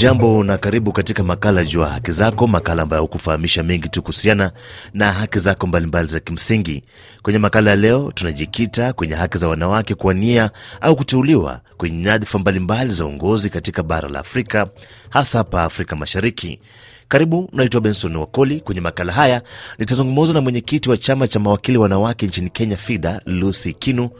Jambo na karibu katika makala juu ya haki zako, makala ambayo hukufahamisha mengi tu kuhusiana na haki zako mbalimbali za kimsingi. Kwenye makala ya leo, tunajikita kwenye haki za wanawake kuwania au kuteuliwa kwenye nyadhifa mbalimbali za uongozi katika bara la Afrika, hasa hapa Afrika Mashariki. Karibu, naitwa Benson Wakoli. Kwenye makala haya nitazungumza na mwenyekiti wa chama cha mawakili wanawake nchini Kenya, FIDA, Lucy Kinu,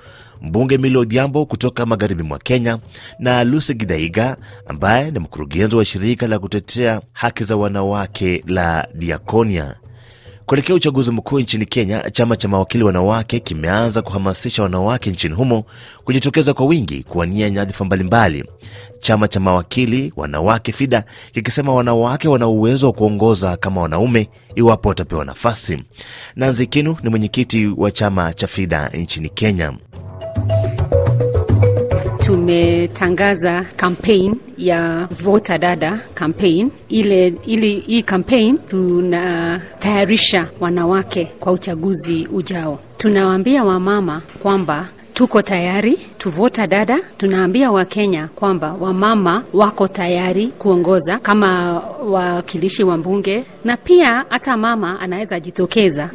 mbunge Milo Odhiambo kutoka magharibi mwa Kenya na Lucy Gidaiga ambaye ni mkurugenzi wa shirika la kutetea haki za wanawake la Diakonia. Kuelekea uchaguzi mkuu nchini Kenya, chama cha mawakili wanawake kimeanza kuhamasisha wanawake nchini humo kujitokeza kwa wingi kuwania nyadhifa mbalimbali, chama cha mawakili wanawake FIDA kikisema wanawake wana uwezo wa kuongoza kama wanaume iwapo watapewa nafasi. Nanzi Kinu ni mwenyekiti wa chama cha FIDA nchini Kenya tumetangaza kampein ya Vota Dada kampein Ile ili hii kampein tunatayarisha wanawake kwa uchaguzi ujao. Tunawaambia wamama kwamba tuko tayari tuvota dada. Tunaambia Wakenya kwamba wamama wako tayari kuongoza kama wawakilishi wa mbunge, na pia hata mama anaweza jitokeza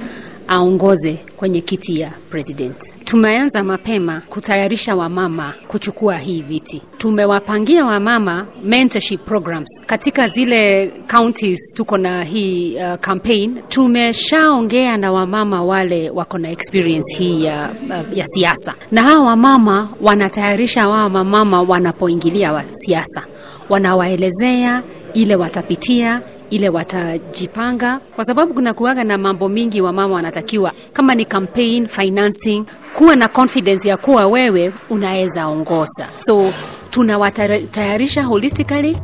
aongoze kwenye kiti ya president. Tumeanza mapema kutayarisha wamama kuchukua hii viti. Tumewapangia wamama mentorship programs katika zile counties tuko na hii uh, campaign. Tumeshaongea na wamama wale wako na experience hii ya, uh, ya siasa, na hawa wamama wanatayarisha wao mamama wanapoingilia wa siasa, wanawaelezea ile watapitia ile watajipanga, kwa sababu kuna kuwaga na mambo mingi wamama wanatakiwa, kama ni campaign financing, kuwa na confidence ya kuwa wewe unaweza ongoza, so tunawatayarisha holistically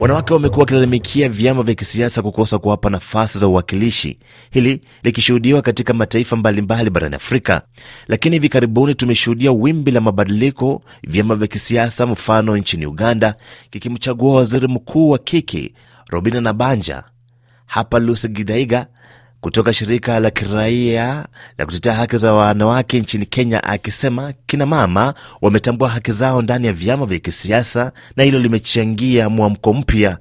Wanawake wamekuwa wakilalamikia vyama vya kisiasa kukosa kuwapa nafasi za uwakilishi, hili likishuhudiwa katika mataifa mbalimbali barani Afrika. Lakini hivi karibuni tumeshuhudia wimbi la mabadiliko, vyama vya kisiasa mfano nchini Uganda kikimchagua waziri mkuu wa kike Robina Nabanja. Hapa lusi Gidaiga kutoka shirika la kiraia la kutetea haki za wanawake nchini Kenya, akisema kina mama wametambua haki zao ndani ya vyama vya kisiasa na hilo limechangia mwamko mpya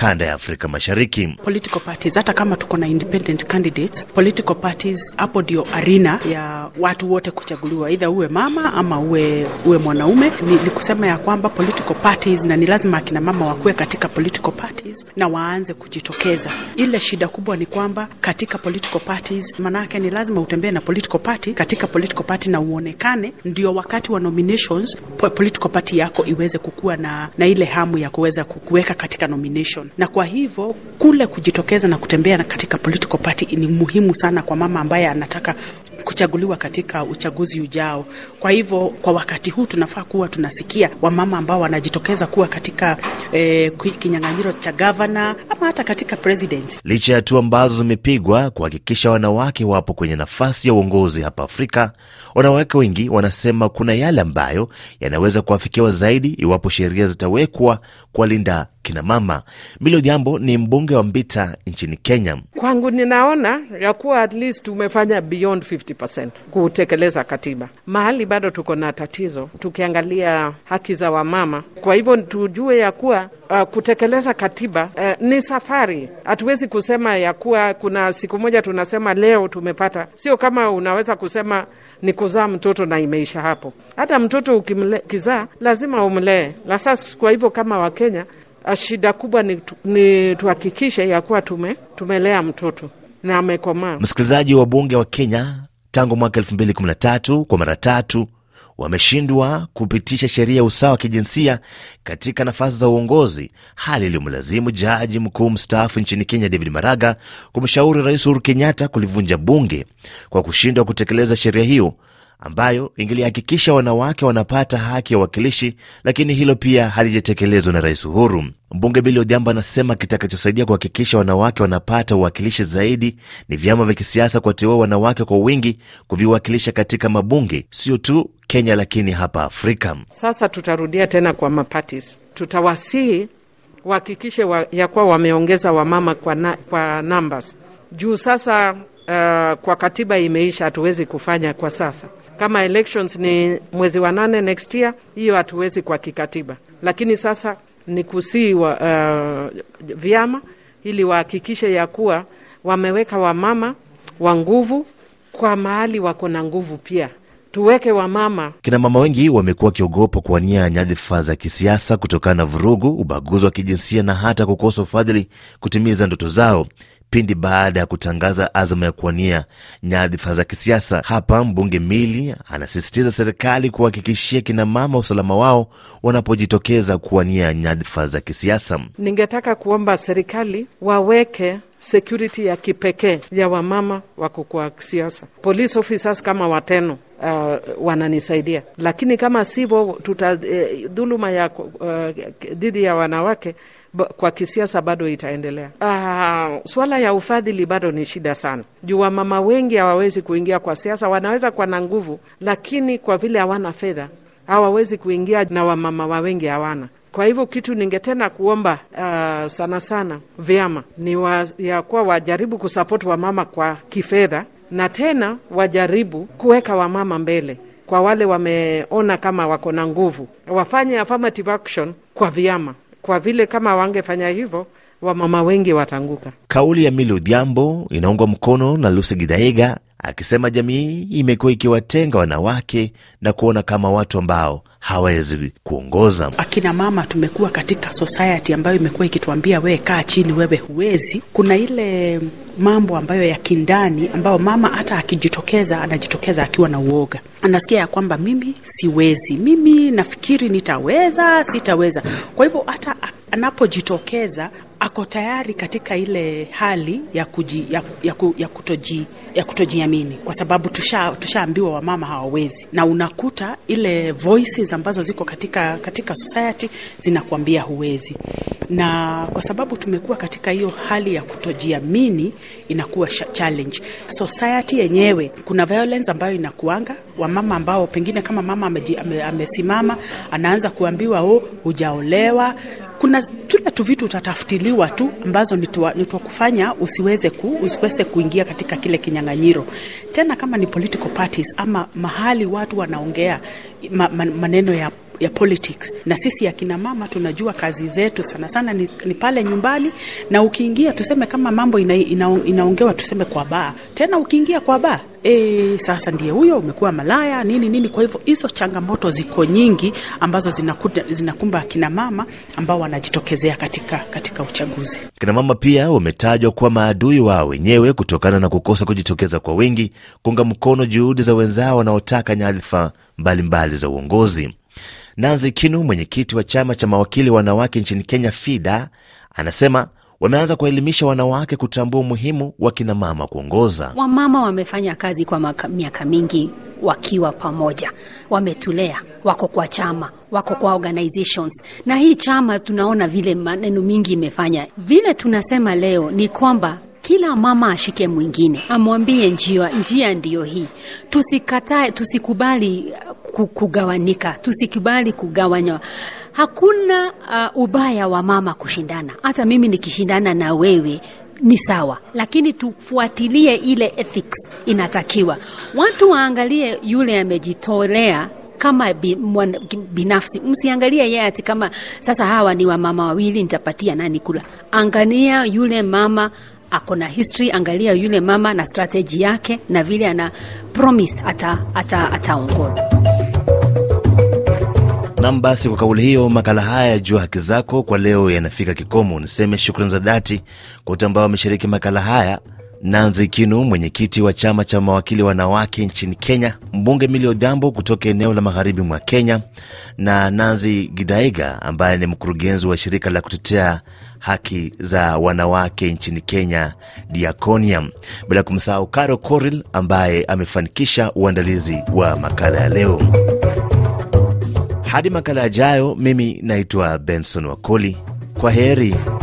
kanda ya Afrika Mashariki. Political parties, hata kama tuko na independent candidates, political parties hapo ndio arena ya watu wote kuchaguliwa, aidha uwe mama ama uwe, uwe mwanaume. Ni, ni kusema ya kwamba political parties, na ni lazima akina mama wakuwe katika political parties na waanze kujitokeza. Ile shida kubwa ni kwamba katika political parties, manake ni lazima utembee na political party katika political party na uonekane, ndio wakati wa nominations political party yako iweze kukua na, na ile hamu ya kuweza kukuweka katika nomination na kwa hivyo kule kujitokeza na kutembea katika political party ni muhimu sana kwa mama ambaye anataka kuchaguliwa katika uchaguzi ujao. Kwa hivyo kwa wakati huu tunafaa kuwa tunasikia wamama ambao wanajitokeza kuwa katika e, kinyang'anyiro cha gavana ama hata katika president. Licha ya hatua ambazo zimepigwa kuhakikisha wanawake wapo kwenye nafasi ya uongozi hapa Afrika, wanawake wengi wanasema kuna yale ambayo yanaweza kuwafikiwa zaidi iwapo sheria zitawekwa kuwalinda kinamama. Milo Jambo ni mbunge wa Mbita nchini Kenya. Kwangu ninaona ya kuwa at least umefanya beyond 50% kutekeleza katiba. Mahali bado tuko na tatizo, tukiangalia haki za wamama. Kwa hivyo tujue ya kuwa uh, kutekeleza katiba uh, ni safari. Hatuwezi kusema ya kuwa kuna siku moja tunasema leo tumepata, sio kama unaweza kusema ni kuzaa mtoto na imeisha hapo. Hata mtoto ukimkizaa lazima umlee. Na sasa kwa hivyo kama Wakenya uh, shida kubwa ni, tu, ni tuhakikishe ya kuwa tume, tumelea mtoto na amekomaa. Msikilizaji wa bunge wa Kenya tangu mwaka 2013 kwa mara tatu wameshindwa kupitisha sheria ya usawa wa kijinsia katika nafasi za uongozi, hali iliyomlazimu jaji mkuu mstaafu nchini Kenya David Maraga kumshauri Rais Uhuru Kenyatta kulivunja bunge kwa kushindwa kutekeleza sheria hiyo ambayo ingelihakikisha wanawake wanapata haki ya uwakilishi, lakini hilo pia halijatekelezwa na Rais Uhuru. Mbunge bili Odhiambo anasema kitakachosaidia kuhakikisha wanawake wanapata uwakilishi zaidi ni vyama vya kisiasa kuwateua wanawake kwa wingi kuviwakilisha katika mabunge, sio tu Kenya lakini hapa Afrika. Sasa tutarudia tena kwa mapatis, tutawasihi wahakikishe wa, ya kuwa wameongeza wamama kwa, na, kwa numbers juu sasa. Uh, kwa katiba imeisha, hatuwezi kufanya kwa sasa. Kama elections ni mwezi wa nane next year, hiyo hatuwezi kwa kikatiba, lakini sasa ni kusii wa, uh, vyama ili wahakikishe ya kuwa wameweka wamama wa nguvu kwa mahali wako na nguvu pia tuweke wamama. Kina mama wengi wamekuwa wakiogopa kuwania nyadhifa za kisiasa kutokana na vurugu, ubaguzi wa kijinsia na hata kukosa ufadhili kutimiza ndoto zao pindi baada ya kutangaza azma ya kuwania nyadhifa za kisiasa. Hapa mbunge Mili anasisitiza serikali kuhakikishia kinamama usalama wao wanapojitokeza kuwania nyadhifa za kisiasa. Ningetaka kuomba serikali waweke security ya kipekee ya wamama wako kwa siasa, police officers kama wateno Uh, wananisaidia lakini kama sivyo tuta uh, dhuluma ya eh, dhidi ya wanawake kwa kisiasa bado itaendelea. Uh, swala ya ufadhili bado ni shida sana juu wamama wengi hawawezi kuingia kwa siasa. Wanaweza kuwa na nguvu, lakini kwa vile hawana fedha hawawezi kuingia, na wamama wa wengi hawana kwa hivyo kitu ningetena kuomba uh, sana sana vyama ni wa, ya kuwa wajaribu kusapoti wamama kwa kifedha, na tena wajaribu kuweka wamama mbele. Kwa wale wameona kama wako na nguvu, wafanye affirmative action kwa vyama kwa vile kama wangefanya hivyo wamama wengi watanguka. Kauli ya Milu Odhiambo inaungwa mkono na lusi Gidaega, akisema jamii imekuwa ikiwatenga wanawake na kuona kama watu ambao hawawezi kuongoza. Akina mama tumekuwa katika society ambayo imekuwa ikituambia wewe kaa chini, wewe huwezi. Kuna ile mambo ambayo ya kindani ambayo mama hata akijitokeza anajitokeza akiwa na uoga, anasikia ya kwamba mimi siwezi, mimi nafikiri nitaweza, sitaweza. Kwa hivyo hata anapojitokeza ako tayari katika ile hali ya, kuji, ya, ya, ya kutojiamini ya kutoji tunaamini, kwa sababu tushaambiwa tusha wamama hawawezi, na unakuta ile voices ambazo ziko katika, katika society zinakuambia huwezi, na kwa sababu tumekuwa katika hiyo hali ya kutojiamini inakuwa challenge society yenyewe. Kuna violence ambayo inakuanga wamama ambao pengine kama mama amesimama ame, ame anaanza kuambiwa oh, hujaolewa kuna kila tu vitu utatafutiliwa tu ambazo nitwakufanya kufanya usiweze, ku, usiweze kuingia katika kile kinyang'anyiro tena, kama ni political parties ama mahali watu wanaongea ma, ma, maneno ya ya politics, na sisi akina mama tunajua kazi zetu sana sana ni, ni pale nyumbani, na ukiingia tuseme kama mambo ina, ina, inaongewa tuseme kwa baa tena, ukiingia kwa baa E, sasa ndiye huyo umekuwa malaya nini nini. Kwa hivyo hizo changamoto ziko nyingi ambazo zinakuda, zinakumba akina mama ambao wanajitokezea katika, katika uchaguzi. kina mama pia wametajwa kuwa maadui wao wenyewe kutokana na kukosa kujitokeza kwa wingi kuunga mkono juhudi za wenzao wanaotaka nyadhifa mbalimbali za uongozi. Nanzi Kinu, mwenyekiti wa chama cha mawakili wanawake nchini Kenya, FIDA, anasema wameanza kuwaelimisha wanawake kutambua umuhimu wa kinamama kuongoza. Wamama wamefanya kazi kwa miaka mingi wakiwa pamoja, wametulea, wako kwa chama, wako kwa organizations, na hii chama tunaona vile maneno mingi imefanya. Vile tunasema leo ni kwamba kila mama ashike mwingine, amwambie njia, njia ndiyo hii. Tusikatae, tusikubali kugawanika, tusikubali kugawanywa. Hakuna uh, ubaya wa mama kushindana. Hata mimi nikishindana na wewe ni sawa, lakini tufuatilie ile ethics inatakiwa. Watu waangalie yule amejitolea kama binafsi, msiangalie yeye ati kama sasa hawa ni wamama wawili, nitapatia nani kula. Angalia yule mama ako na history, angalia yule mama na strateji yake na vile ana promise ataongoza ata, ata Nam, basi kwa kauli hiyo, makala haya ya Jua Haki Zako kwa leo yanafika kikomo. Niseme shukrani za dhati kwa wote ambao wameshiriki makala haya. Nanzi Kinu, mwenyekiti wa chama cha mawakili wanawake nchini Kenya, mbunge Mili Odhiambo kutoka eneo la magharibi mwa Kenya, na Nanzi Gidaiga ambaye ni mkurugenzi wa shirika la kutetea haki za wanawake nchini Kenya, Diaconium, bila kumsahau Caro Coril ambaye amefanikisha uandalizi wa makala ya leo. Hadi makala yajayo, mimi naitwa Benson Wakoli. Kwa heri.